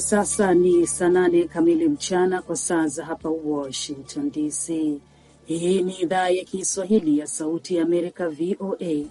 Hivi sasa ni saa nane kamili mchana kwa saa za hapa Washington DC. Hii ni idhaa ya Kiswahili ya Sauti ya Amerika, VOA.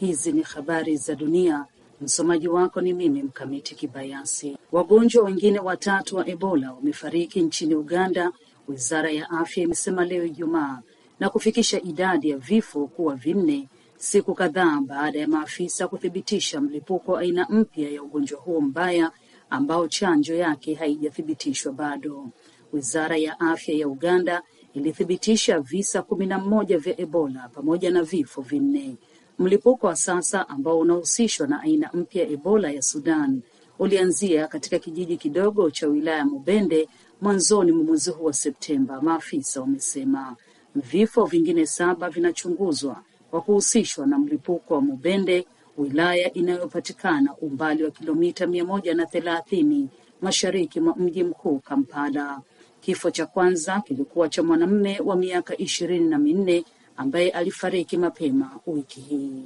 Hizi ni habari za dunia. Msomaji wako ni mimi Mkamiti Kibayasi. Wagonjwa wengine watatu wa Ebola wamefariki nchini Uganda, wizara ya afya imesema leo Ijumaa, na kufikisha idadi ya vifo kuwa vinne, siku kadhaa baada ya maafisa kuthibitisha mlipuko wa aina mpya ya ugonjwa huo mbaya ambao chanjo yake haijathibitishwa bado. Wizara ya afya ya Uganda ilithibitisha visa kumi na mmoja vya Ebola pamoja na vifo vinne. Mlipuko wa sasa ambao unahusishwa na aina mpya ya Ebola ya Sudan ulianzia katika kijiji kidogo cha wilaya Mubende mwanzoni mwa mwezi huu wa Septemba, maafisa wamesema. Vifo vingine saba vinachunguzwa kwa kuhusishwa na mlipuko wa Mubende wilaya inayopatikana umbali wa kilomita mia moja na thelathini mashariki mwa mji mkuu Kampala. Kifo cha kwanza kilikuwa cha mwanamume wa miaka ishirini na minne ambaye alifariki mapema wiki hii.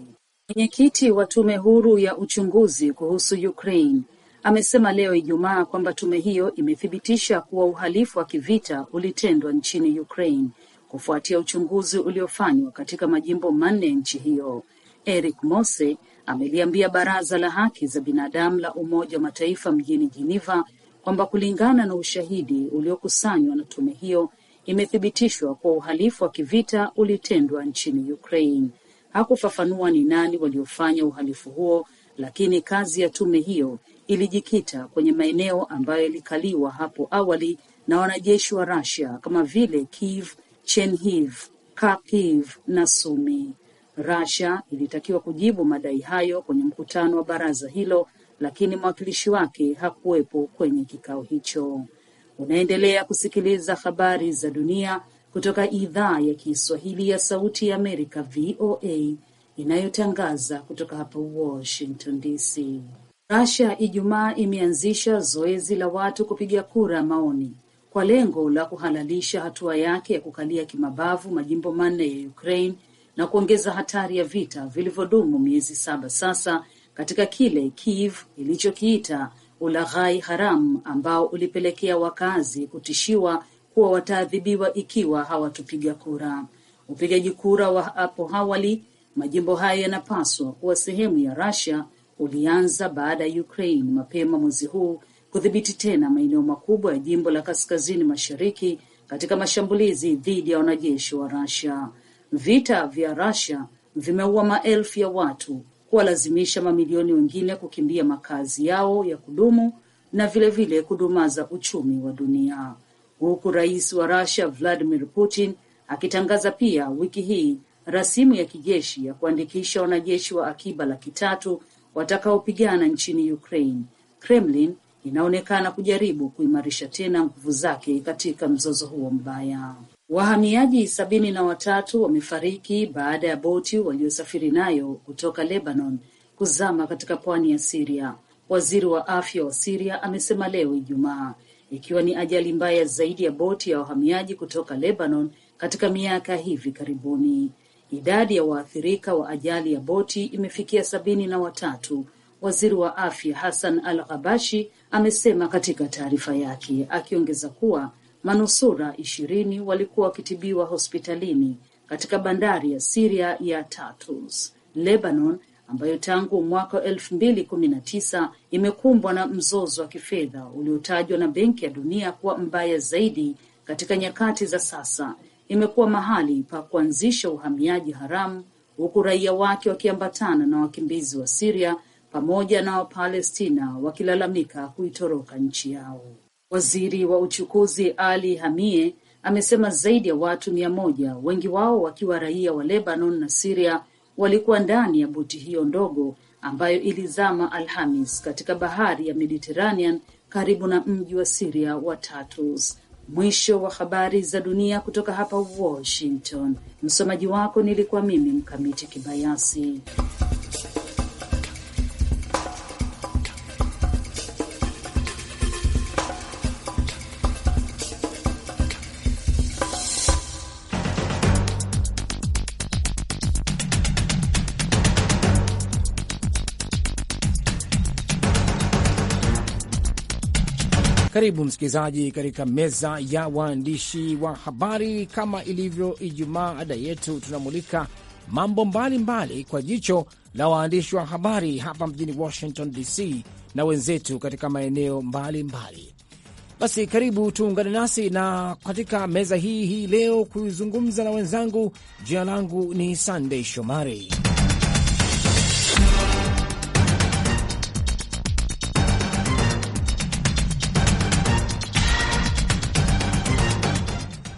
Mwenyekiti wa tume huru ya uchunguzi kuhusu Ukraine amesema leo Ijumaa kwamba tume hiyo imethibitisha kuwa uhalifu wa kivita ulitendwa nchini Ukraine kufuatia uchunguzi uliofanywa katika majimbo manne ya nchi hiyo. Eric Mose ameliambia Baraza la Haki za Binadamu la Umoja wa Mataifa mjini Jiniva kwamba kulingana na ushahidi uliokusanywa na tume hiyo, imethibitishwa kuwa uhalifu wa kivita ulitendwa nchini Ukraine. Hakufafanua ni nani waliofanya uhalifu huo, lakini kazi ya tume hiyo ilijikita kwenye maeneo ambayo yalikaliwa hapo awali na wanajeshi wa Russia kama vile Kiev, Chernihiv, Kharkiv na Sumi. Russia ilitakiwa kujibu madai hayo kwenye mkutano wa baraza hilo, lakini mwakilishi wake hakuwepo kwenye kikao hicho. Unaendelea kusikiliza habari za dunia kutoka idhaa ya Kiswahili ya Sauti ya Amerika, VOA, inayotangaza kutoka hapa Washington DC. Russia Ijumaa imeanzisha zoezi la watu kupiga kura maoni kwa lengo la kuhalalisha hatua yake ya kukalia kimabavu majimbo manne ya Ukraine na kuongeza hatari ya vita vilivyodumu miezi saba sasa katika kile Kiev ilichokiita ulaghai haramu ambao ulipelekea wakazi kutishiwa kuwa wataadhibiwa ikiwa hawatupiga kura. Upigaji kura wa hapo awali majimbo hayo yanapaswa kuwa sehemu ya Russia ulianza baada ya Ukraine mapema mwezi huu kudhibiti tena maeneo makubwa ya jimbo la kaskazini mashariki katika mashambulizi dhidi ya wanajeshi wa Russia. Vita vya Russia vimeua maelfu ya watu, kuwalazimisha mamilioni wengine kukimbia makazi yao ya kudumu na vilevile vile kudumaza uchumi wa dunia, huku rais wa Russia Vladimir Putin akitangaza pia wiki hii rasimu ya kijeshi ya kuandikisha wanajeshi wa akiba laki tatu watakaopigana nchini Ukraine. Kremlin inaonekana kujaribu kuimarisha tena nguvu zake katika mzozo huo mbaya. Wahamiaji sabini na watatu wamefariki baada ya boti waliosafiri nayo kutoka Lebanon kuzama katika pwani ya Siria, waziri wa afya wa Siria amesema leo Ijumaa, ikiwa ni ajali mbaya zaidi ya boti ya wahamiaji kutoka Lebanon katika miaka hivi karibuni. Idadi ya waathirika wa ajali ya boti imefikia sabini na watatu, waziri wa afya Hassan Al Ghabashi amesema katika taarifa yake, akiongeza kuwa manusura ishirini walikuwa wakitibiwa hospitalini katika bandari ya Siria ya Tartus, Lebanon, ambayo tangu mwaka elfu mbili kumi na tisa imekumbwa na mzozo wa kifedha uliotajwa na Benki ya Dunia kuwa mbaya zaidi katika nyakati za sasa, imekuwa mahali pa kuanzisha uhamiaji haramu, huku raia wake wakiambatana na wakimbizi wa Siria pamoja na Wapalestina wakilalamika kuitoroka nchi yao. Waziri wa uchukuzi Ali Hamie amesema zaidi ya watu mia moja, wengi wao wakiwa raia wa Lebanon na Siria, walikuwa ndani ya boti hiyo ndogo ambayo ilizama Alhamis katika bahari ya Mediterranean karibu na mji wa Siria wa Tartus. Mwisho wa habari za dunia kutoka hapa Washington. Msomaji wako nilikuwa mimi Mkamiti Kibayasi. Karibu msikilizaji katika meza ya waandishi wa habari. Kama ilivyo Ijumaa, ada yetu tunamulika mambo mbalimbali mbali kwa jicho la waandishi wa habari hapa mjini Washington DC na wenzetu katika maeneo mbalimbali mbali. Basi karibu tuungane nasi na katika meza hii hii leo kuizungumza na wenzangu. Jina langu ni Sandey Shomari.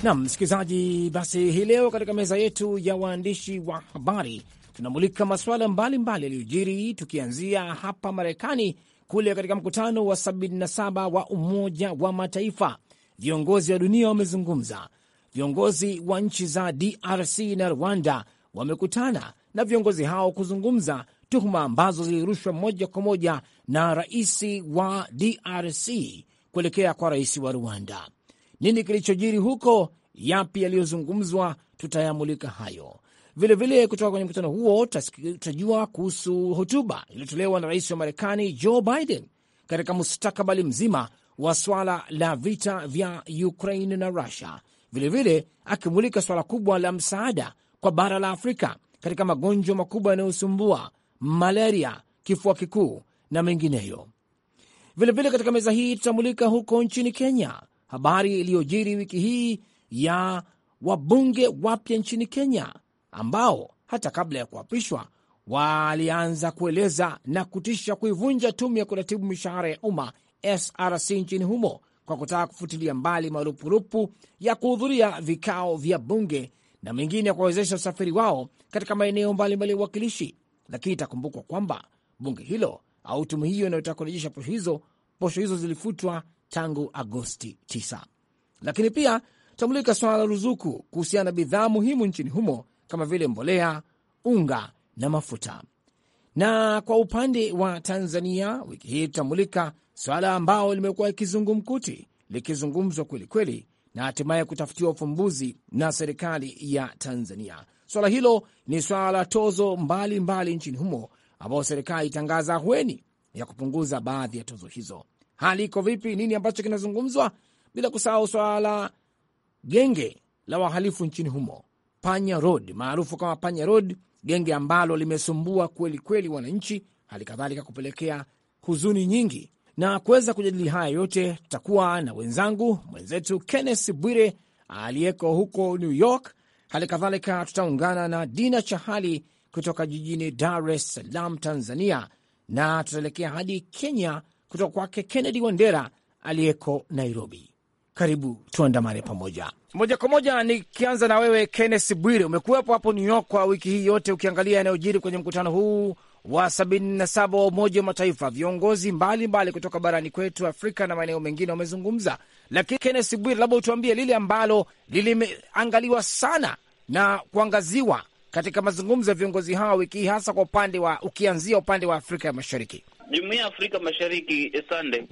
Nam msikilizaji, basi hii leo katika meza yetu ya waandishi wa habari tunamulika masuala mbalimbali yaliyojiri, tukianzia hapa Marekani, kule katika mkutano wa 77 wa Umoja wa Mataifa. Viongozi wa dunia wamezungumza, viongozi wa nchi za DRC na Rwanda wamekutana na viongozi hao kuzungumza tuhuma ambazo zilirushwa moja kwa moja na rais wa DRC kuelekea kwa rais wa Rwanda nini kilichojiri huko, yapi yaliyozungumzwa, tutayamulika hayo vilevile. Vile kutoka kwenye mkutano huo tutajua kuhusu hotuba iliyotolewa na rais wa Marekani Joe Biden katika mustakabali mzima wa swala la vita vya Ukraine na Russia, vilevile akimulika swala kubwa la msaada kwa bara la Afrika katika magonjwa makubwa yanayosumbua malaria, kifua kikuu na mengineyo. Vilevile katika meza hii tutamulika huko nchini Kenya habari iliyojiri wiki hii ya wabunge wapya nchini Kenya ambao hata kabla ya kuapishwa walianza kueleza na kutisha kuivunja tume ya kuratibu mishahara ya umma SRC nchini humo kwa kutaka kufutilia mbali marupurupu ya kuhudhuria vikao vya bunge na mengine ya kuwawezesha usafiri wao katika maeneo mbalimbali ya uwakilishi. Lakini itakumbukwa kwamba bunge hilo au tume hiyo inayotaka kurejesha posho hizo, posho hizo zilifutwa tangu Agosti 9. Lakini pia tamulika swala la ruzuku kuhusiana na bidhaa muhimu nchini humo kama vile mbolea, unga na mafuta. Na kwa upande wa Tanzania, wiki hii tutamulika swala ambao limekuwa ikizungumkuti likizungumzwa kwelikweli na hatimaye kutafutiwa ufumbuzi na serikali ya Tanzania. Swala hilo ni swala la tozo mbalimbali mbali nchini humo, ambao serikali itangaza ahueni ya kupunguza baadhi ya tozo hizo hali iko vipi, nini ambacho kinazungumzwa, bila kusahau swala la genge la wahalifu nchini humo, Panya Road maarufu kama Panya Road, genge ambalo limesumbua kweli kweli wananchi, hali kadhalika kupelekea huzuni nyingi. Na kuweza kujadili haya yote, tutakuwa na wenzangu mwenzetu Kenneth Bwire aliyeko huko New York. Hali kadhalika tutaungana na Dina Chahali kutoka jijini Dar es Salaam, Tanzania, na tutaelekea hadi Kenya kutoka kwake Kennedy Wandera aliyeko Nairobi. Karibu tuandamane pamoja moja kwa moja. Nikianza na wewe Kennes Bwire, umekuwepo hapo New York kwa wiki hii yote ukiangalia yanayojiri kwenye mkutano huu wa 77 wa Umoja wa Mataifa. Viongozi mbalimbali mbali kutoka barani kwetu Afrika na maeneo mengine wamezungumza, lakini Kennes Bwire, labda utuambie lile ambalo lilimeangaliwa sana na kuangaziwa katika mazungumzo ya viongozi hawa wiki hii, hasa kwa upande wa ukianzia upande wa Afrika ya Mashariki. Jumuiya ya Afrika Mashariki eh, sande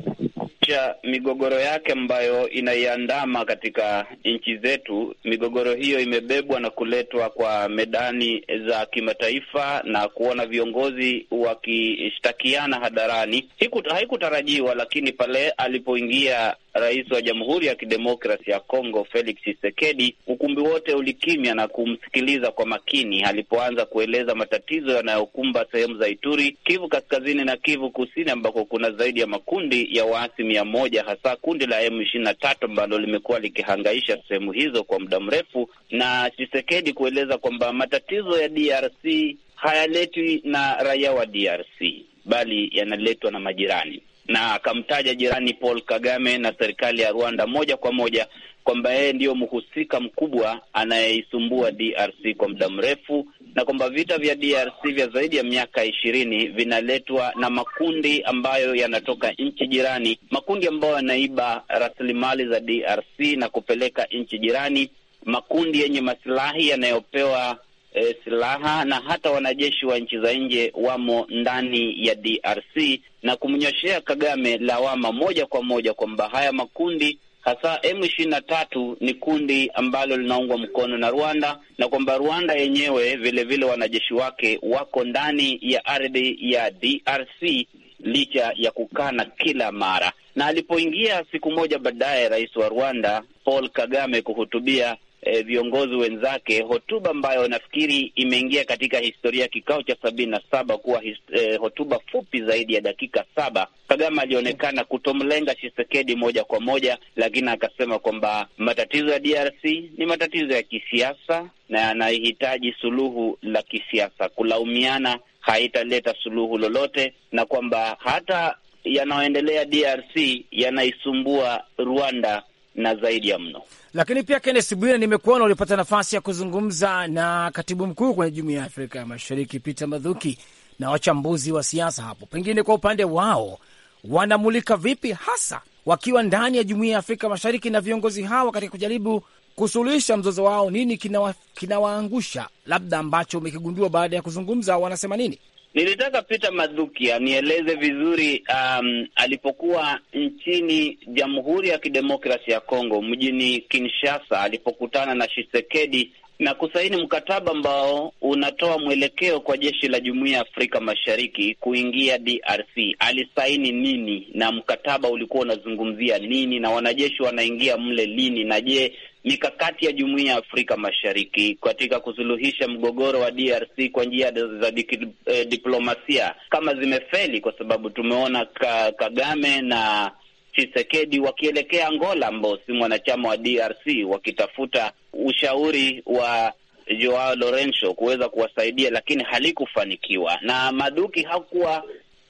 cha migogoro yake ambayo inaiandama katika nchi zetu. Migogoro hiyo imebebwa na kuletwa kwa medani za kimataifa na kuona viongozi wakishtakiana hadharani. Haikutarajiwa, lakini pale alipoingia rais wa Jamhuri ya Kidemokrasi ya Kongo Felix Tshisekedi, ukumbi wote ulikimya na kumsikiliza kwa makini alipoanza kueleza matatizo yanayokumba sehemu za Ituri, Kivu Kaskazini na Kivu Kusini, ambako kuna zaidi ya makundi ya waasi mia moja, hasa kundi la M ishirini na tatu ambalo limekuwa likihangaisha sehemu hizo kwa muda mrefu, na Tshisekedi kueleza kwamba matatizo ya DRC hayaletwi na raia wa DRC bali yanaletwa na majirani na akamtaja jirani Paul Kagame na serikali ya Rwanda moja kwa moja kwamba yeye ndiyo mhusika mkubwa anayeisumbua DRC kwa muda mrefu, na kwamba vita vya DRC vya zaidi ya miaka ishirini vinaletwa na makundi ambayo yanatoka nchi jirani, makundi ambayo yanaiba rasilimali za DRC na kupeleka nchi jirani, makundi yenye masilahi yanayopewa e, silaha na hata wanajeshi wa nchi za nje wamo ndani ya DRC na kumnyoshea Kagame lawama moja kwa moja kwamba haya makundi hasa M ishirini na tatu ni kundi ambalo linaungwa mkono na Rwanda na kwamba Rwanda yenyewe vilevile wanajeshi wake wako ndani ya ardhi ya DRC licha ya kukana kila mara. Na alipoingia siku moja baadaye, rais wa Rwanda Paul Kagame kuhutubia e, viongozi wenzake, hotuba ambayo nafikiri imeingia katika historia ya kikao cha sabini na saba kuwa his, e, hotuba fupi zaidi ya dakika saba. Kagame alionekana kutomlenga chisekedi moja kwa moja, lakini akasema kwamba matatizo ya DRC ni matatizo ya kisiasa na yanahitaji suluhu la kisiasa. Kulaumiana haitaleta suluhu lolote, na kwamba hata yanayoendelea DRC yanaisumbua Rwanda na zaidi ya mno. Lakini pia Kennes Bwire, nimekuona ulipata nafasi ya kuzungumza na katibu mkuu kwenye Jumuiya ya Afrika ya Mashariki Peter madhuki na wachambuzi wa siasa hapo, pengine kwa upande wao wanamulika vipi hasa wakiwa ndani ya Jumuiya ya Afrika Mashariki na viongozi hawa katika kujaribu kusuluhisha mzozo wao? Nini kinawaangusha, kina labda ambacho umekigundua baada ya kuzungumza, wanasema nini? Nilitaka Peter Madhuki anieleze vizuri um, alipokuwa nchini Jamhuri ya Kidemokrasia ya Kongo mjini Kinshasa alipokutana na Shisekedi na kusaini mkataba ambao unatoa mwelekeo kwa jeshi la Jumuiya ya Afrika Mashariki kuingia DRC. Alisaini nini na mkataba ulikuwa unazungumzia nini na wanajeshi wanaingia mle lini? Na je, mikakati ya Jumuiya ya Afrika Mashariki katika kusuluhisha mgogoro wa DRC kwa njia za eh, diplomasia kama zimefeli? Kwa sababu tumeona ka, Kagame na chisekedi wakielekea Angola ambao si mwanachama wa DRC wakitafuta ushauri wa Joao Lorenzo kuweza kuwasaidia, lakini halikufanikiwa, na Maduki hakuwa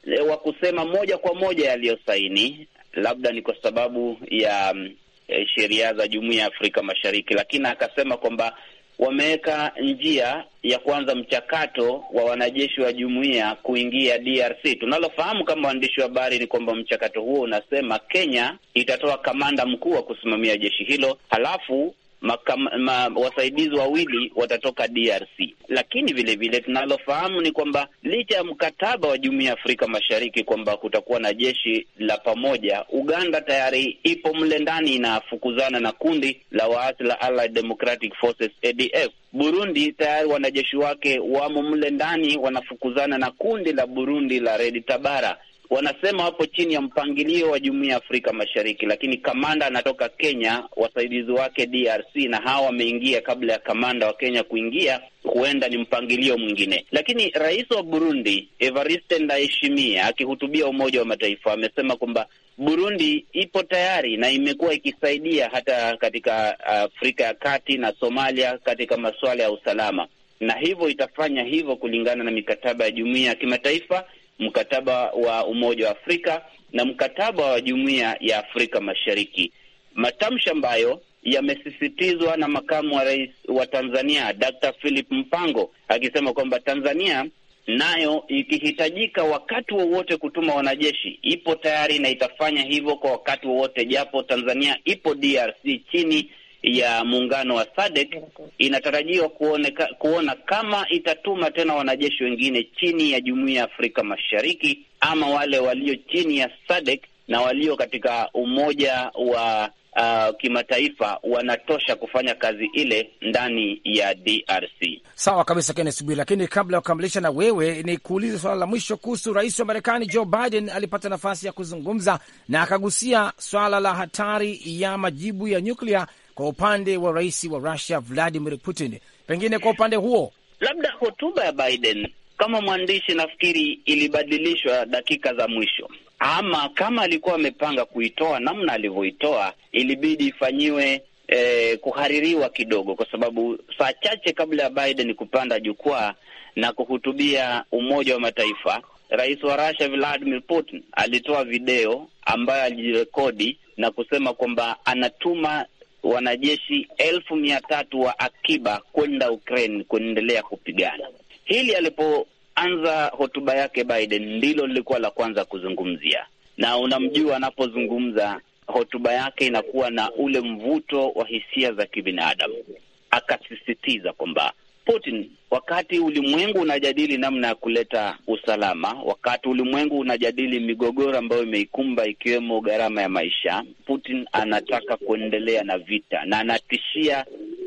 e, wa kusema moja kwa moja yaliyosaini, labda ni kwa sababu ya mm, e, sheria za Jumuiya ya Afrika Mashariki, lakini akasema kwamba wameweka njia ya kuanza mchakato wa wanajeshi wa jumuiya kuingia DRC. Tunalofahamu kama waandishi wa habari ni kwamba mchakato huo unasema Kenya itatoa kamanda mkuu wa kusimamia jeshi hilo, halafu makam, ma, wasaidizi wawili watatoka DRC. Lakini vile vile tunalofahamu ni kwamba licha ya mkataba wa Jumuiya ya Afrika Mashariki kwamba kutakuwa na jeshi la pamoja, Uganda tayari ipo mle ndani inafukuzana na kundi la waasi la Allied Democratic Forces ADF. Burundi tayari wanajeshi wake wamo mle ndani wanafukuzana na kundi la Burundi la Red Tabara wanasema wapo chini ya mpangilio wa Jumuiya ya Afrika Mashariki, lakini kamanda anatoka Kenya, wasaidizi wake DRC, na hawa wameingia kabla ya kamanda wa Kenya kuingia. Huenda ni mpangilio mwingine, lakini rais wa Burundi Evariste Ndayishimiye akihutubia Umoja wa Mataifa amesema kwamba Burundi ipo tayari na imekuwa ikisaidia hata katika uh, Afrika ya Kati na Somalia katika masuala ya usalama, na hivyo itafanya hivyo kulingana na mikataba ya jumuiya ya kimataifa mkataba wa Umoja wa Afrika na mkataba wa Jumuiya ya Afrika Mashariki, matamshi ambayo yamesisitizwa na makamu wa rais wa Tanzania Dr. Philip Mpango akisema kwamba Tanzania nayo ikihitajika wakati wowote wa kutuma wanajeshi ipo tayari na itafanya hivyo kwa wakati wowote wa, japo Tanzania ipo DRC chini ya muungano wa SADC inatarajiwa kuoneka, kuona kama itatuma tena wanajeshi wengine chini ya Jumuiya ya Afrika Mashariki ama wale walio chini ya SADC na walio katika umoja wa Uh, kimataifa wanatosha kufanya kazi ile ndani ya DRC. Sawa kabisa kennes Bwire, lakini kabla ya kukamilisha na wewe ni kuuliza swala la mwisho kuhusu rais wa Marekani Joe Biden alipata nafasi ya kuzungumza na akagusia swala la hatari ya majibu ya nyuklia kwa upande wa rais wa Russia Vladimir Putin. Pengine kwa upande huo, labda hotuba ya Biden kama mwandishi, nafikiri ilibadilishwa dakika za mwisho, ama kama alikuwa amepanga kuitoa namna alivyoitoa, ilibidi ifanyiwe eh, kuhaririwa kidogo, kwa sababu saa chache kabla ya Biden kupanda jukwaa na kuhutubia Umoja wa Mataifa, rais wa Russia Vladimir Putin alitoa video ambayo alijirekodi na kusema kwamba anatuma wanajeshi elfu mia tatu wa akiba kwenda Ukraine kuendelea kupigana. Hili alipoanza hotuba yake Biden ndilo lilikuwa la kwanza kuzungumzia, na unamjua anapozungumza hotuba yake inakuwa na ule mvuto wa hisia za kibinadamu. Akasisitiza kwamba Putin, wakati ulimwengu unajadili namna ya kuleta usalama, wakati ulimwengu unajadili migogoro ambayo imeikumba ikiwemo gharama ya maisha, Putin anataka kuendelea na vita na anatishia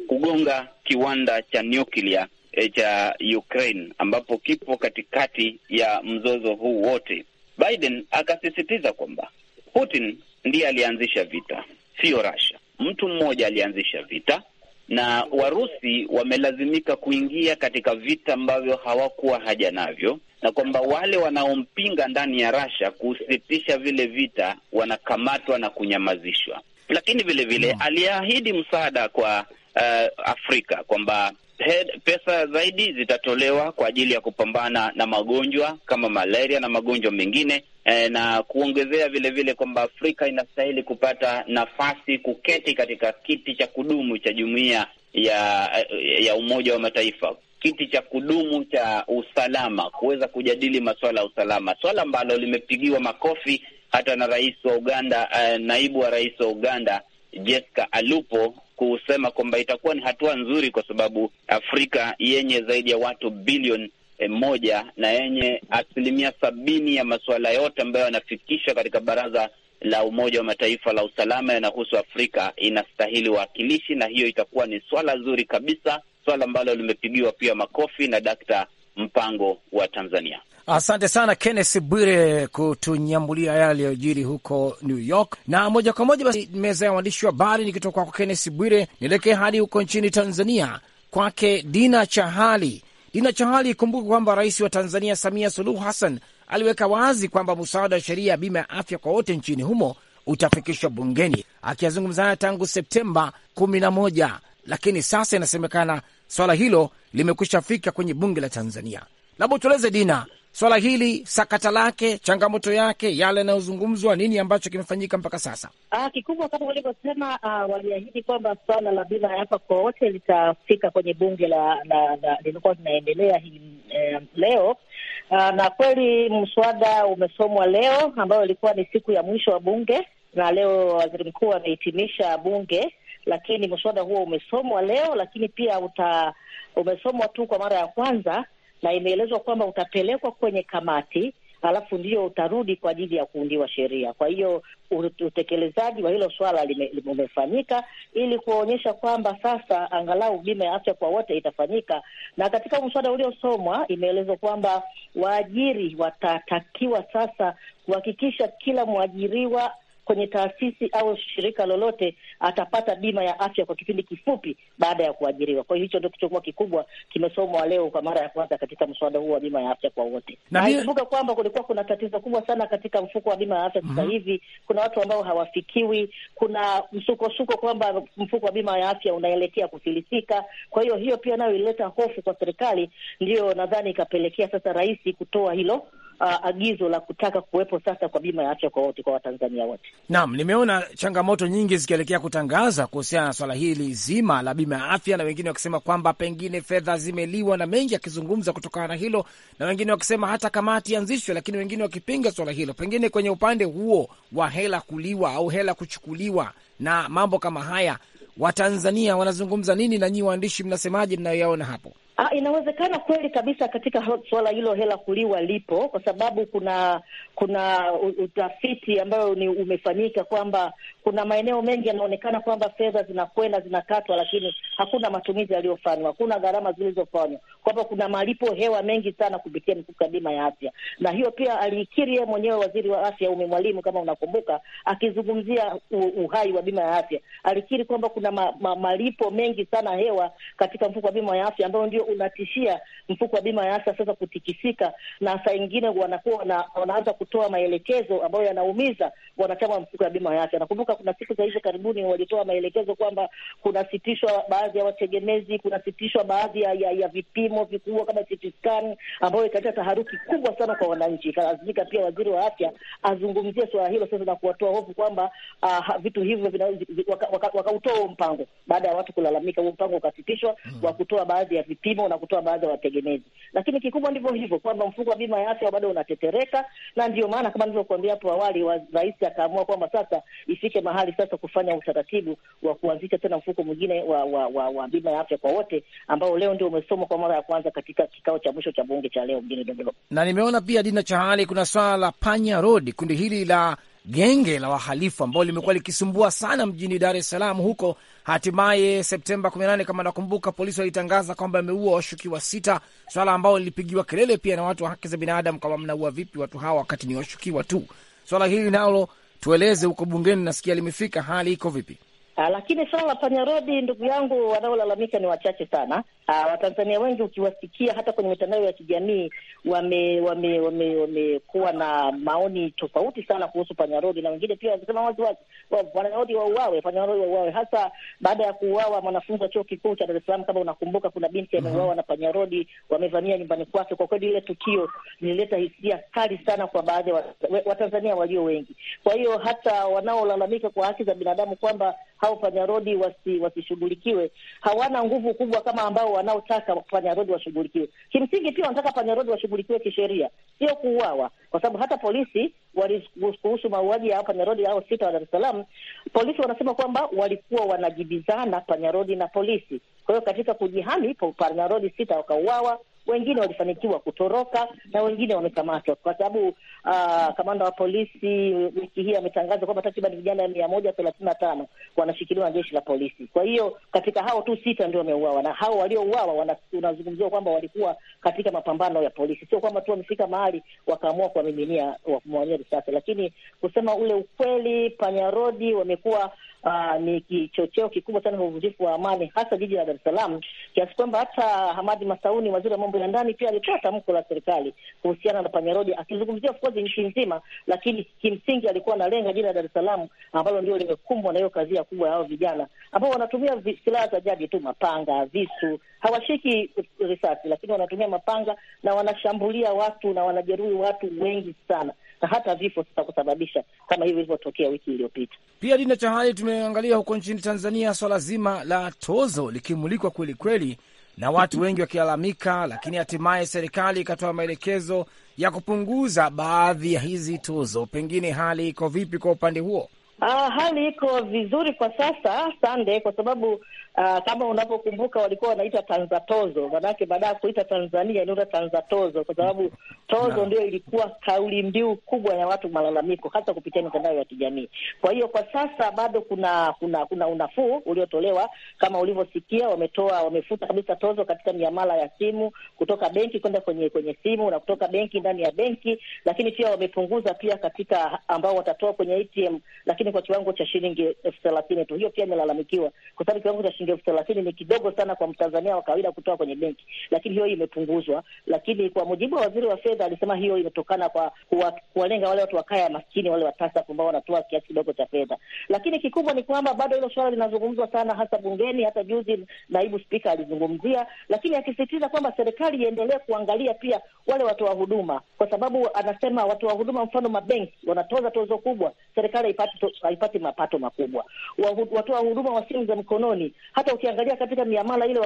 kugonga kiwanda cha nyuklia eh, cha Ukraine ambapo kipo katikati ya mzozo huu wote. Biden akasisitiza kwamba Putin ndiye alianzisha vita, sio Russia. Mtu mmoja alianzisha vita na Warusi wamelazimika kuingia katika vita ambavyo hawakuwa haja navyo, na kwamba wale wanaompinga ndani ya Russia kusitisha vile vita wanakamatwa na kunyamazishwa. Lakini vilevile mm. aliahidi msaada kwa uh, Afrika kwamba head, pesa zaidi zitatolewa kwa ajili ya kupambana na magonjwa kama malaria na magonjwa mengine e, na kuongezea vile vile kwamba Afrika inastahili kupata nafasi kuketi katika kiti cha kudumu cha jumuiya ya eh, ya Umoja wa Mataifa, kiti cha kudumu cha usalama, kuweza kujadili masuala ya usalama, swala ambalo limepigiwa makofi hata na rais wa Uganda, eh, naibu wa rais wa Uganda Jessica Alupo kusema kwamba itakuwa ni hatua nzuri, kwa sababu Afrika yenye zaidi ya watu bilioni E, moja na yenye asilimia sabini ya masuala yote ambayo yanafikisha katika Baraza la Umoja wa Mataifa la usalama yanahusu Afrika inastahili wawakilishi, na hiyo itakuwa ni swala zuri kabisa, swala ambalo limepigiwa pia makofi na Dakta Mpango wa Tanzania. Asante sana Kenneth Bwire kutunyambulia yale yaliyojiri huko New York. Na moja kwa moja basi meza ya waandishi wa habari, nikitoka kwako Kenneth Bwire nielekee hadi huko nchini Tanzania kwake Dina Chahali. Dina Chahali, ikumbuke kwamba rais wa Tanzania Samia Suluhu Hassan aliweka wazi kwamba musaada wa sheria ya bima ya afya kwa wote nchini humo utafikishwa bungeni, akiyazungumza haya tangu Septemba 11, lakini sasa inasemekana swala hilo limekwisha fika kwenye bunge la Tanzania. Labda utueleze Dina, swala hili, sakata lake, changamoto yake, yale yanayozungumzwa, nini ambacho kimefanyika mpaka sasa? Ah, kikubwa kama walivyosema, ah, waliahidi kwamba swala la bima ya hapa kwa wote litafika kwenye bunge la lilikuwa linaendelea hii eh, leo ah, na kweli mswada umesomwa leo, ambayo ilikuwa ni siku ya mwisho wa bunge, na leo waziri mkuu amehitimisha bunge lakini mswada huo umesomwa leo, lakini pia uta umesomwa tu kwa mara ya kwanza, na imeelezwa kwamba utapelekwa kwenye kamati alafu ndio utarudi kwa ajili ya kuundiwa sheria. Kwa hiyo utekelezaji wa hilo swala umefanyika ili kuwaonyesha kwamba sasa angalau bima ya afya kwa wote itafanyika. Na katika mswada uliosomwa imeelezwa kwamba waajiri watatakiwa sasa kuhakikisha kila mwajiriwa kwenye taasisi au shirika lolote, atapata bima ya afya kwa kipindi kifupi baada ya kuajiriwa. Kwa hiyo hicho ndio kichokuwa kikubwa kimesomwa leo kwa mara ya kwanza katika mswada huu wa bima ya afya kwa wote. Naikumbuka kwamba kulikuwa kuna tatizo kubwa sana katika mfuko wa bima ya afya sasa mhm. hivi mm -hmm. Kuna watu ambao hawafikiwi, kuna msukosuko kwamba mfuko wa bima ya afya unaelekea kufilisika. Kwa hiyo hiyo pia nayo ilileta hofu kwa serikali, ndiyo nadhani ikapelekea sasa rais kutoa hilo uh, agizo la kutaka kuwepo sasa kwa bima ya afya kwa wote kwa Watanzania wote. Naam, nimeona changamoto nyingi zikielekea kutangaza kuhusiana na swala hili zima la bima ya afya, na wengine wakisema kwamba pengine fedha zimeliwa, na mengi akizungumza kutokana na hilo, na wengine wakisema hata kamati ianzishwe, lakini wengine wakipinga swala hilo, pengine kwenye upande huo wa hela kuliwa au hela kuchukuliwa na mambo kama haya, Watanzania wanazungumza nini, na nyinyi waandishi mnasemaje mnayoyaona hapo? Ah, inawezekana kweli kabisa katika swala hilo hela kuliwa lipo, kwa sababu kuna kuna utafiti ambayo ni umefanyika kwamba kuna maeneo mengi yanaonekana kwamba fedha zinakwenda zinakatwa, lakini hakuna matumizi yaliyofanywa, hakuna gharama zilizofanywa, kwamba kuna malipo hewa mengi sana kupitia mifuko ya bima ya afya. Na hiyo pia aliikiri yeye mwenyewe waziri wa afya Ummy Mwalimu, kama unakumbuka, akizungumzia uhai wa bima ya afya alikiri kwamba kuna ma, ma, malipo mengi sana hewa katika mfuko wa bima ya afya ambayo ndio unatishia mfuko wa bima ya afya sasa kutikisika, na saa ingine wanakuwa wana, wanaanza kutoa maelekezo ambayo yanaumiza wanachama wa mfuko wa bima ya afya. Nakumbuka kuna siku za hivi karibuni walitoa maelekezo kwamba kunasitishwa baadhi ya wategemezi, kunasitishwa baadhi ya, ya, ya vipimo vikubwa kama CT scan ambayo ikaleta taharuki kubwa sana kwa wananchi. Ikalazimika pia waziri wa afya azungumzie suala hilo sasa na kuwatoa hofu kwamba uh, vitu hivyo wakautoa waka, waka mpango baada ya watu kulalamika, huo mpango ukasitishwa wa kutoa baadhi ya vipimo bima unakutoa baadhi ya wategemezi. Lakini kikubwa ndivyo hivyo kwamba mfuko wa bima ya afya bado unatetereka, na ndio maana kama nilivyokuambia hapo awali, rais akaamua kwamba sasa ifike mahali sasa kufanya utaratibu wa kuanzisha tena mfuko mwingine wa, wa, wa, wa bima ya afya kwa wote ambao leo ndio umesomwa kwa mara ya kwanza katika kikao cha mwisho cha bunge cha leo mjini Dodoma. Na nimeona pia Dina Chahali, kuna swala la Panya Road, kundi hili la genge la wahalifu ambao limekuwa likisumbua sana mjini Dar es Salaam huko Hatimaye Septemba 18 kama nakumbuka, polisi walitangaza kwamba ameua washukiwa sita, swala ambalo lilipigiwa kelele pia na watu wa haki za binadamu, kwamba mnaua vipi watu hawa wakati ni washukiwa tu. Swala hili nalo tueleze huko bungeni, nasikia limefika, hali iko vipi? Ha, ah, lakini swala la panyarodi, ndugu yangu, wanaolalamika ni wachache sana. Ah, Watanzania wengi ukiwasikia hata kwenye mitandao ya kijamii wamekuwa wame, wame, wame na maoni tofauti sana kuhusu panyarodi, na wengine pia wanasema waziwazi panyarodi wauawe, panyarodi wauawe, hasa baada ya kuuawa mwanafunzi wa chuo kikuu cha Dar es Salaam. Kama unakumbuka, kuna binti mhm. ameuawa mm -hmm. na panyarodi wamevamia nyumbani kwake. Kwa kweli ile tukio lilileta hisia kali sana kwa baadhi ya Watanzania walio wengi. Kwa hiyo hata wanaolalamika kwa haki za binadamu kwamba hao panyarodi wasi, wasishughulikiwe. Hawana nguvu kubwa kama ambao wanaotaka panyarodi washughulikiwe. Kimsingi pia wanataka panyarodi washughulikiwe kisheria, sio kuuawa, kwa sababu hata polisi wali kuhusu mauaji ya panyarodi hao sita wa Dar es Salaam, polisi wanasema kwamba walikuwa wanajibizana panyarodi na polisi. Kwa hiyo katika kujihami, panyarodi sita wakauawa wengine walifanikiwa kutoroka na wengine wamekamatwa, kwa sababu uh, kamanda wa polisi wiki hii ametangaza kwamba takriban vijana mia moja thelathini na tano wanashikiliwa na jeshi la polisi. Kwa hiyo katika hao tu sita ndio wameuawa, na hao waliouawa unazungumziwa kwamba walikuwa katika mapambano ya polisi, sio kwamba tu wamefika mahali wakaamua kuwamiminia wakumwania risasi. Lakini kusema ule ukweli, panyarodi wamekuwa uh, ni kichocheo kikubwa sana kwa uvunjifu wa amani, hasa jiji la Dar es Salaam, kiasi kwamba hata Hamadi Masauni, waziri wa mambo ya ndani, pia alitoa tamko la serikali kuhusiana na panyarodi, akizungumzia of course nchi nzima, lakini kimsingi alikuwa analenga jiji la Dar es Salaam ambalo ndio limekumbwa na hiyo kazia kubwa ya hao vijana ambao wanatumia silaha za jadi tu, mapanga, visu, hawashiki risasi, lakini wanatumia mapanga na wanashambulia watu na wanajeruhi watu wengi sana na hata vifo sasa kusababisha kama hivyo ilivyotokea wiki iliyopita. Pia Dina Chahali, tumeangalia huko nchini Tanzania swala zima la tozo likimulikwa kweli kweli na watu wengi wakilalamika, lakini hatimaye serikali ikatoa maelekezo ya kupunguza baadhi ya hizi tozo. Pengine hali iko vipi kwa upande huo? Ah, hali iko vizuri kwa sasa, Sande, kwa sababu Uh, kama unavyokumbuka walikuwa wanaita tanza tozo manake baada ya kuita Tanzania inaita Tozo kwa sababu tozo ndio ilikuwa kauli mbiu kubwa ya watu malalamiko, hasa kupitia mitandao ya kijamii. Kwa hiyo kwa sasa bado kuna kuna kuna unafuu uliotolewa, kama ulivyosikia, wametoa wamefuta kabisa tozo katika miamala ya simu kutoka benki kwenda kwenye kwenye simu na kutoka benki ndani ya benki, lakini pia wamepunguza pia katika ambao watatoa kwenye ATM, lakini kwa kiwango cha shilingi elfu thelathini tu. Hiyo pia imelalamikiwa kwa sababu kiwango cha shilingi elfu thelathini ni kidogo sana kwa mtanzania wa kawaida kutoka kwenye benki, lakini hiyo imepunguzwa. Lakini kwa mujibu wa waziri wa fedha alisema hiyo imetokana kwa kuwalenga wale watu wa kaya maskini, wale wa ambao wanatoa kiasi kidogo cha fedha. Lakini kikubwa ni kwamba bado hilo suala linazungumzwa sana, hasa bungeni. Hata juzi naibu spika alizungumzia, lakini akisisitiza kwamba serikali iendelee kuangalia pia wale watoa wa huduma, kwa sababu anasema watoa huduma, mfano mabenki, wanatoza tozo kubwa, serikali haipati mapato makubwa. Watoa huduma wa simu za mkononi hata ukiangalia katika miamala ile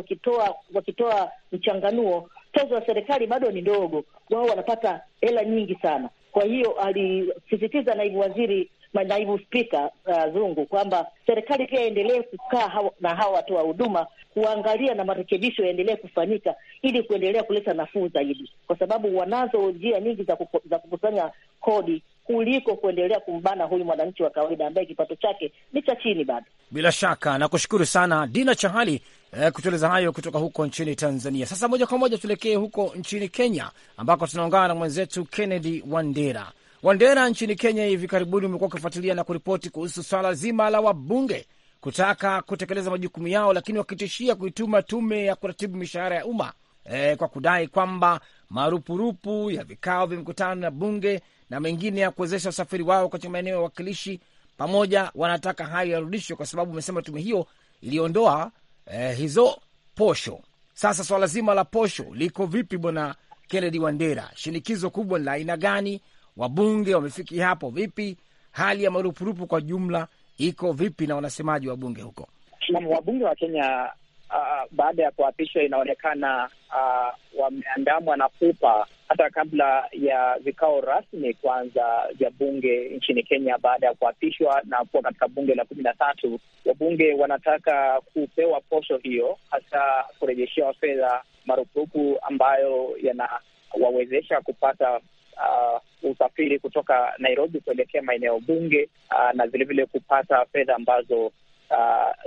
wakitoa wakitoa mchanganuo, tozo ya serikali bado ni ndogo, wao wanapata hela nyingi sana. Kwa hiyo alisisitiza naibu waziri naibu spika uh, Zungu kwamba serikali pia endelee kukaa hawa, na hawa watoa huduma kuangalia na marekebisho yaendelee kufanyika ili kuendelea kuleta nafuu zaidi, kwa sababu wanazo njia nyingi za, kuku, za kukusanya kodi kuliko kuendelea kumbana huyu mwananchi wa kawaida ambaye kipato chake ni cha chini bado. Bila shaka nakushukuru sana Dina Chahali eh, kutueleza hayo kutoka huko nchini Tanzania. Sasa moja kwa moja tuelekee huko nchini Kenya ambako tunaungana na mwenzetu Kennedy Wandera. Wandera, nchini Kenya hivi karibuni umekuwa ukifuatilia na kuripoti kuhusu swala zima la wabunge kutaka kutekeleza majukumu yao, lakini wakitishia kuituma tume ya kuratibu mishahara ya umma eh, kwa kudai kwamba marupurupu ya vikao vya mkutano na bunge na mengine ya kuwezesha usafiri wao katika maeneo ya wakilishi pamoja. Wanataka hayo yarudishwe, kwa sababu amesema tume hiyo iliondoa eh, hizo posho. Sasa swala zima la posho liko vipi, bwana Kennedy Wandera? Shinikizo kubwa ni la aina gani? Wabunge wamefiki hapo vipi? Hali ya marupurupu kwa jumla iko vipi, na wanasemaji wabunge huko? Na wabunge wa Kenya uh, baada ya kuapishwa inaonekana uh, wameandamwa na pupa hata kabla ya vikao rasmi kwanza vya bunge nchini Kenya baada ya kuapishwa na kuwa katika bunge la kumi na tatu, wabunge wanataka kupewa posho hiyo, hasa kurejeshewa fedha marupurupu ambayo yanawawezesha kupata uh, usafiri kutoka Nairobi kuelekea maeneo bunge uh, na vilevile kupata fedha ambazo uh,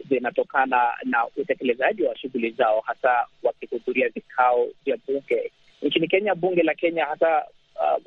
zinatokana uh, na utekelezaji wa shughuli zao hasa wakihudhuria vikao vya bunge Nchini Kenya, bunge la Kenya hata uh,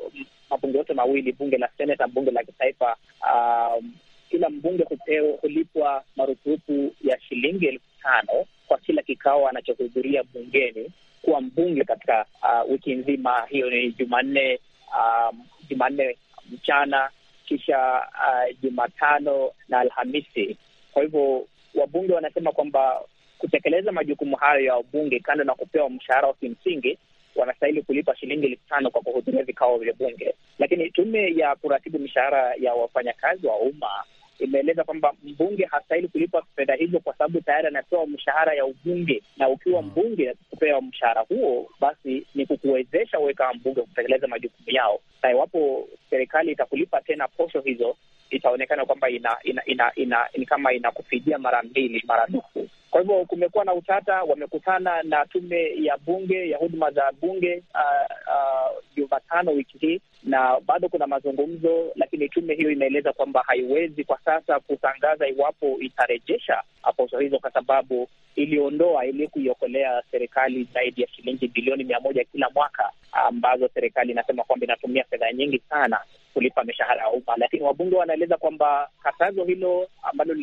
mabunge yote mawili, bunge la seneti na bunge la kitaifa um, kila mbunge hupewa hulipwa marupurupu ya shilingi elfu tano kwa kila kikao anachohudhuria bungeni kuwa mbunge katika uh, wiki nzima. Hiyo ni Jumanne, um, Jumanne mchana kisha uh, Jumatano na Alhamisi. Kwa hivyo wabunge wanasema kwamba kutekeleza majukumu hayo ya wabunge, kando na kupewa mshahara wa kimsingi, wanastahili kulipa shilingi elfu tano kwa kuhudhuria vikao vya bunge. Lakini tume ya kuratibu mishahara ya wafanyakazi wa umma imeeleza kwamba mbunge hastahili kulipa fedha hizo kwa sababu tayari anapewa mshahara ya ubunge, na ukiwa hmm. mbunge kupewa mshahara huo, basi ni kukuwezesha uweka kama mbunge kutekeleza majukumu yao, na iwapo serikali itakulipa tena posho hizo, itaonekana kwamba ina, ina, ina, ina, ina, kama inakufidia mara mbili mara dufu. Kwa hivyo kumekuwa na utata, wamekutana na tume ya bunge ya huduma za bunge ah, ah, Jumatano uh, uh, wiki hii, na bado kuna mazungumzo, lakini tume hiyo imeeleza kwamba haiwezi kwa sasa kutangaza iwapo itarejesha posho hizo kwa sababu iliondoa ili kuiokolea serikali zaidi ya shilingi bilioni mia moja kila mwaka ambazo serikali inasema kwamba inatumia fedha nyingi sana kulipa mishahara ya umma, lakini wabunge wanaeleza kwamba katazo hilo ambalo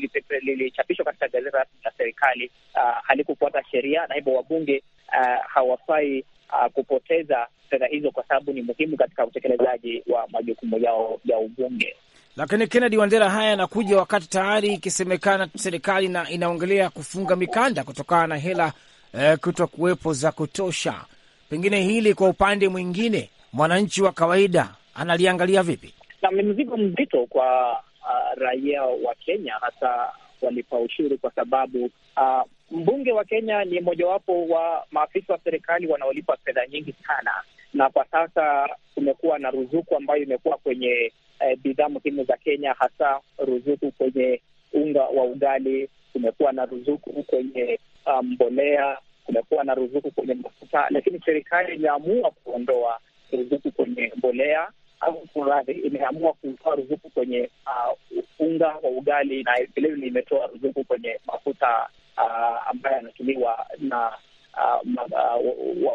lilichapishwa katika gazeti rasmi la serikali uh, halikufuata sheria na hivyo wabunge uh, hawafai uh, kupoteza fedha hizo kwa sababu ni muhimu katika utekelezaji wa majukumu yao ya ubunge. Lakini Kennedy Wandera, haya yanakuja wakati tayari ikisemekana serikali na inaongelea kufunga mikanda kutokana na hela eh, kuto kuwepo za kutosha. Pengine hili kwa upande mwingine, mwananchi wa kawaida analiangalia vipi? Na ni mzigo mzito kwa uh, raia wa Kenya hasa walipa ushuru, kwa sababu uh, mbunge wa Kenya ni mojawapo wa maafisa wa serikali wanaolipa fedha nyingi sana, na kwa sasa kumekuwa na ruzuku ambayo imekuwa kwenye eh, bidhaa muhimu za Kenya, hasa ruzuku kwenye unga wa ugali, kumekuwa na ruzuku kwenye um, mbolea, um, kumekuwa na ruzuku kwenye mafuta, lakini serikali imeamua kuondoa ruzuku kwenye mbolea au kuradhi, imeamua kutoa ruzuku kwenye uh, unga wa ugali na vilevile imetoa ruzuku kwenye mafuta uh, ambayo yanatumiwa na ah,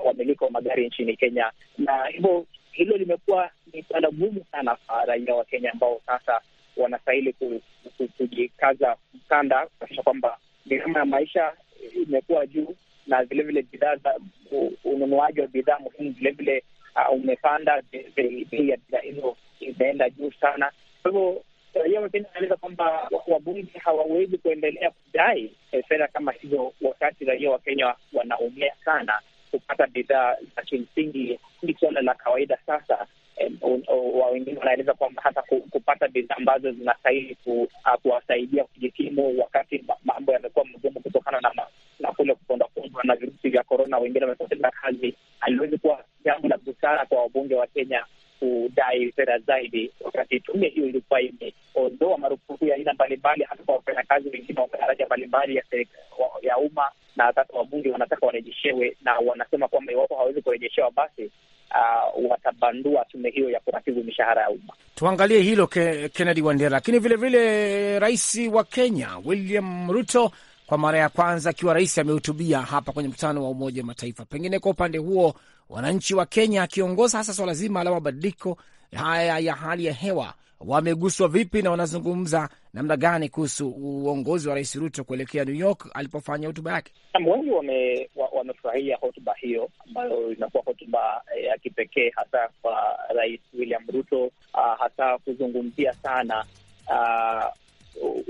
wamiliki uh, wa magari nchini Kenya, na hivyo hilo limekuwa ni suala gumu sana kwa raia wa Kenya ambao sasa wanastahili kujikaza mkanda kuakisha kwamba gharama ya maisha imekuwa juu na vilevile bidhaa za ununuaji wa bidhaa muhimu vilevile uh, umepanda, bei ya bidhaa hizo imeenda juu sana. Kwa hivyo raia wa wanaeleza anaeleza kwamba wabunge hawawezi kuendelea kudai eh, fedha kama hizo, wakati raia wa Kenya wanaumia sana kupata bidhaa za kimsingi. Ni suala la kawaida sasa. Eh, wengine wanaeleza kwamba hata kupata bidhaa ambazo zinastahili ah, kuwasaidia kujikimu, wakati mambo yamekuwa magumu kutokana na kule kupondwapondwa na virusi vya korona. Wengine wamepata sera zaidi, wakati tume hiyo ilikuwa imeondoa marufuku ya aina mbalimbali, hata kwa wafanyakazi wengine wa madaraja mbalimbali ya, ya umma na sasa wabunge wanataka warejeshewe, na wanasema kwamba iwapo hawawezi kurejeshewa basi Uh, watabandua tume hiyo ya kuratibu mishahara ya umma. Tuangalie hilo ke, Kennedy Wandera. Lakini vilevile rais wa Kenya William Ruto kwa mara ya kwanza akiwa rais amehutubia hapa kwenye mkutano wa Umoja wa Mataifa. Pengine kwa upande huo wananchi wa Kenya akiongoza hasa swala zima la mabadiliko haya ya hali ya hewa wameguswa vipi na wanazungumza namna gani kuhusu uongozi wa Rais Ruto kuelekea New York alipofanya hotuba yake? Wengi wamefurahia wame hotuba hiyo ambayo inakuwa hotuba eh, ya kipekee hasa kwa Rais William Ruto, uh, hasa kuzungumzia sana uh,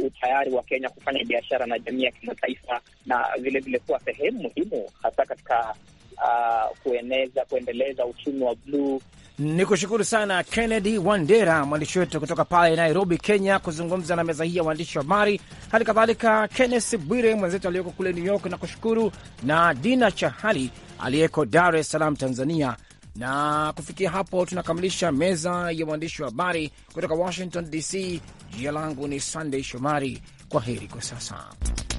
utayari wa Kenya kufanya biashara na jamii ya kimataifa na vilevile kuwa sehemu muhimu hasa katika uh, kueneza kuendeleza uchumi wa bluu ni kushukuru sana Kennedy Wandera, mwandishi wetu kutoka pale Nairobi, Kenya, kuzungumza na meza hii ya waandishi wa habari. Hali kadhalika kennes Bwire, mwenzetu aliyeko kule New York na kushukuru, na Dina Chahali aliyeko Dar es Salaam, Tanzania. Na kufikia hapo, tunakamilisha meza ya waandishi wa habari kutoka Washington DC. Jina langu ni sandey Shomari. Kwa heri kwa sasa.